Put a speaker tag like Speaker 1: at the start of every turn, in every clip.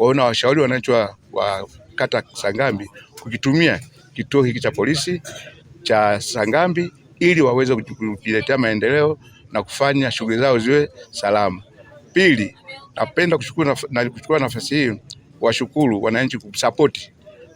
Speaker 1: Kwa hiyo nawashauri wananchi wa kata Sangambi kukitumia kituo hiki cha polisi cha Sangambi ili waweze kujiletea maendeleo na kufanya shughuli zao ziwe salama. Pili, napenda kuchukua na kuchukua nafasi hii washukuru wananchi kusapoti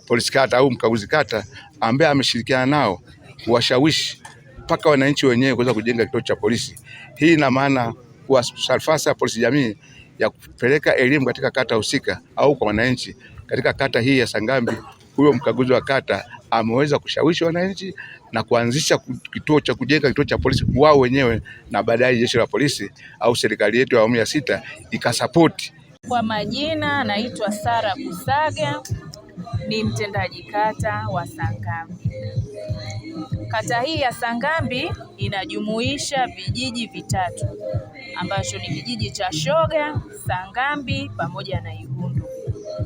Speaker 1: polisi kata au mkaguzi kata ambaye ameshirikiana nao kuwashawishi mpaka wananchi wenyewe kuweza kujenga kituo cha polisi. Hii ina maana kuwa falsafa ya polisi jamii ya kupeleka elimu katika kata husika au kwa wananchi katika kata hii ya Sangambi. Huyo mkaguzi wa kata ameweza kushawishi wananchi na kuanzisha kituo cha kujenga kituo cha polisi wao wenyewe, na baadaye jeshi la polisi au serikali yetu ya awamu ya sita ikasapoti.
Speaker 2: Kwa majina, naitwa Sara Kusaga, ni mtendaji kata wa Sangambi. Kata hii ya Sangambi inajumuisha vijiji vitatu ambacho ni kijiji cha Shoga, Sangambi pamoja na Igundu.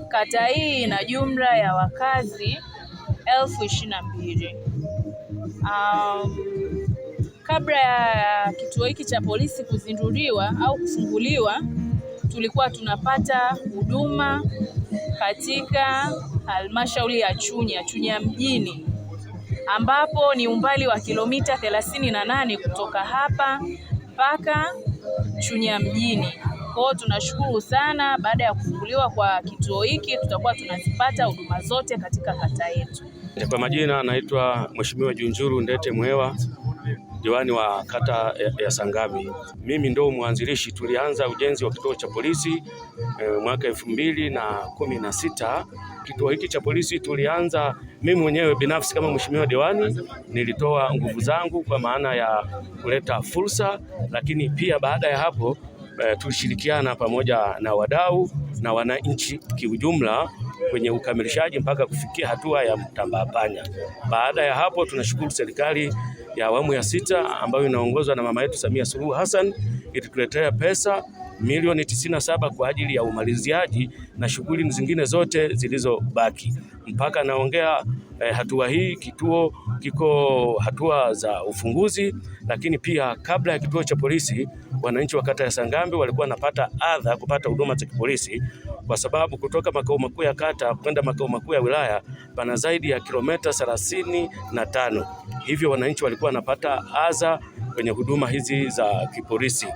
Speaker 2: Kata hii ina jumla ya wakazi elfu ishirini na mbili. Um, kabla ya kituo hiki cha polisi kuzinduliwa au kufunguliwa, tulikuwa tunapata huduma katika halmashauri ya Chunya, Chunya mjini ambapo ni umbali wa kilomita thelathini na nane kutoka hapa mpaka Chunya mjini. Kwa hiyo tunashukuru sana, baada ya kufunguliwa kwa kituo hiki tutakuwa tunazipata huduma zote katika kata yetu.
Speaker 1: Kwa majina anaitwa Mheshimiwa Junjuru Ndete mwewa diwani wa kata ya Sangami. Mimi ndo mwanzilishi, tulianza ujenzi wa kituo cha polisi e, mwaka elfu mbili na kumi na sita. Kituo hiki cha polisi tulianza mimi mwenyewe binafsi kama mheshimiwa diwani nilitoa nguvu zangu kwa maana ya kuleta fursa, lakini pia baada ya hapo eh, tulishirikiana pamoja na wadau na wananchi kiujumla kwenye ukamilishaji mpaka kufikia hatua ya mtambaa panya. Baada ya hapo, tunashukuru serikali ya awamu ya sita ambayo inaongozwa na mama yetu Samia Suluhu Hassan ilituletea pesa milioni 97 kwa ajili ya umaliziaji na shughuli zingine zote zilizobaki. Mpaka naongea eh, hatua hii kituo kiko hatua za ufunguzi, lakini pia kabla ya kituo cha polisi, wananchi wa kata ya Sangambi walikuwa wanapata adha kupata huduma za kipolisi, kwa sababu kutoka makao makuu ya kata kwenda makao makuu ya wilaya pana zaidi ya kilomita thelathini na tano. Hivyo wananchi walikuwa wanapata adha kwenye huduma hizi za kipolisi,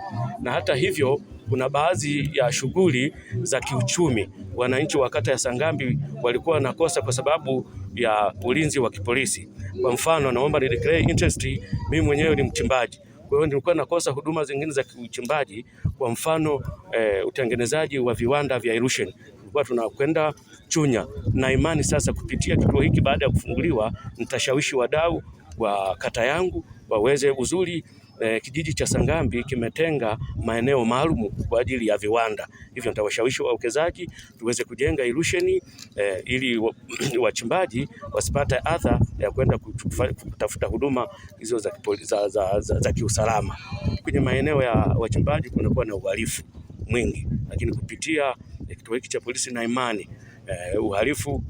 Speaker 1: na hata hivyo kuna baadhi ya shughuli za kiuchumi wananchi wa kata ya Sangambi walikuwa wanakosa kwa sababu ya ulinzi wa kipolisi. Kwa mfano, naomba ni declare interest, mimi mwenyewe ni mchimbaji kwa hiyo nilikuwa nakosa huduma zingine za kiuchimbaji kwa mfano e, utengenezaji wa viwanda vya erosion kwa tunakwenda Chunya, na imani sasa kupitia kituo hiki baada ya kufunguliwa nitashawishi wadau wa kata yangu waweze uzuri e, kijiji cha Sangambi kimetenga maeneo maalum kwa ajili ya viwanda, hivyo nitawashawishi wawekezaji tuweze kujenga ilusheni e, eh, ili wachimbaji wasipate adha ya kwenda kutafuta huduma hizo za, za, za, za, za kiusalama. Kwenye maeneo ya wachimbaji kunakuwa na uhalifu mwingi, lakini kupitia eh, kituo hiki cha polisi na imani eh, uhalifu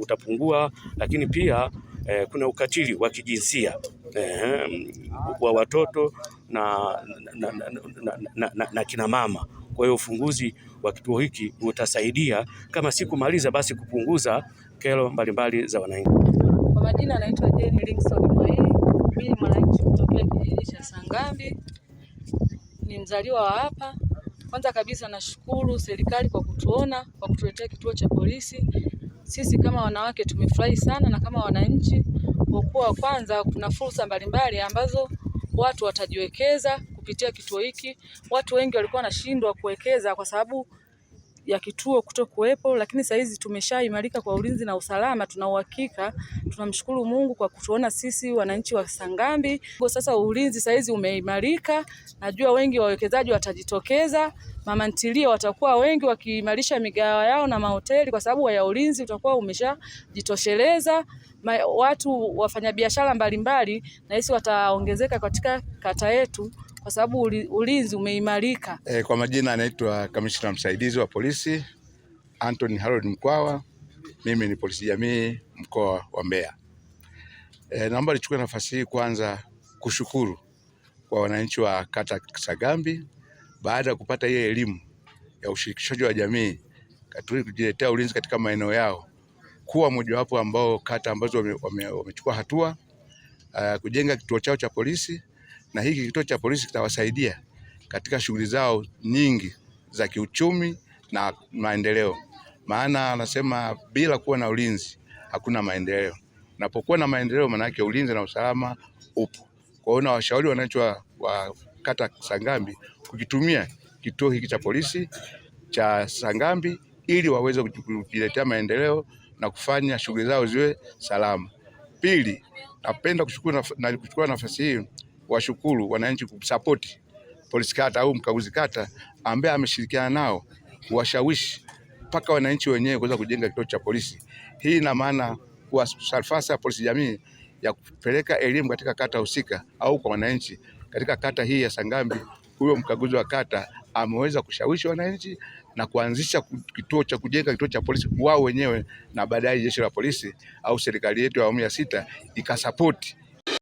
Speaker 1: utapungua, lakini pia eh, kuna ukatili wa kijinsia wa watoto na, na, na, na, na, na, na kina mama. Kwa hiyo ufunguzi wa kituo hiki utasaidia kama si kumaliza basi kupunguza kero mbalimbali za wananchi.
Speaker 2: Kwa majina anaitwa Jane Linkson Mwai. Mimi ni mwananchi kutoka kijiji cha Sangambi, ni mzaliwa wa hapa. Kwanza kabisa nashukuru serikali kwa kutuona, kwa kutuletea kituo cha polisi. Sisi kama wanawake tumefurahi sana na kama wananchi kwa kuwa kwanza kuna fursa mbalimbali ambazo watu watajiwekeza kupitia kituo hiki. Watu wengi walikuwa wanashindwa kuwekeza kwa sababu ya kituo kuto kuwepo, lakini sasa hizi tumeshaimarika kwa ulinzi na usalama, tuna uhakika. Tunamshukuru Mungu kwa kutuona sisi wananchi wa Sangambi. Kwa sasa ulinzi sasa hizi umeimarika, najua wengi wawekezaji watajitokeza, mama ntilie watakuwa wengi wakiimarisha migawa yao na mahoteli, kwa sababu ya ulinzi utakuwa umeshajitosheleza ma, watu wafanyabiashara mbalimbali nahisi wataongezeka katika kata yetu kwa sababu ulinzi umeimarika.
Speaker 1: E, kwa majina anaitwa kamishina Msaidizi wa Polisi Anthony Harold Mkwawa. Mimi ni polisi jamii mkoa wa Mbeya. E, naomba nichukue nafasi hii kwanza kushukuru kwa wananchi wa kata Sagambi baada ya kupata hiyo elimu ya ushirikishaji wa jamii kujiletea ulinzi katika maeneo yao kuwa mojawapo ambao kata ambazo wamechukua wame, wame hatua uh, kujenga kituo chao cha polisi, na hiki kituo cha polisi kitawasaidia katika shughuli zao nyingi za kiuchumi na maendeleo. Maana anasema bila kuwa na ulinzi hakuna maendeleo. napokuwa na maendeleo, maana yake ulinzi na usalama upo. Kwa hiyo na washauri wananchi wa kata Sangambi kukitumia kituo hiki cha polisi cha Sangambi ili waweze kujiletea maendeleo na kufanya shughuli zao ziwe salama. Pili, napenda kuchukua na kuchukua nafasi hii washukuru wananchi kusapoti polisi kata au mkaguzi kata ambaye ameshirikiana nao kuwashawishi mpaka wananchi wenyewe kuweza kujenga kituo cha polisi. Hii ina maana kuwa falsafa ya polisi jamii ya kupeleka elimu katika kata husika au kwa wananchi katika kata hii ya Sangambi, huyo mkaguzi wa kata ameweza kushawishi wananchi na kuanzisha kituo cha kujenga kituo cha polisi wao wenyewe, na baadaye jeshi la polisi au serikali yetu ya awamu ya sita ikasapoti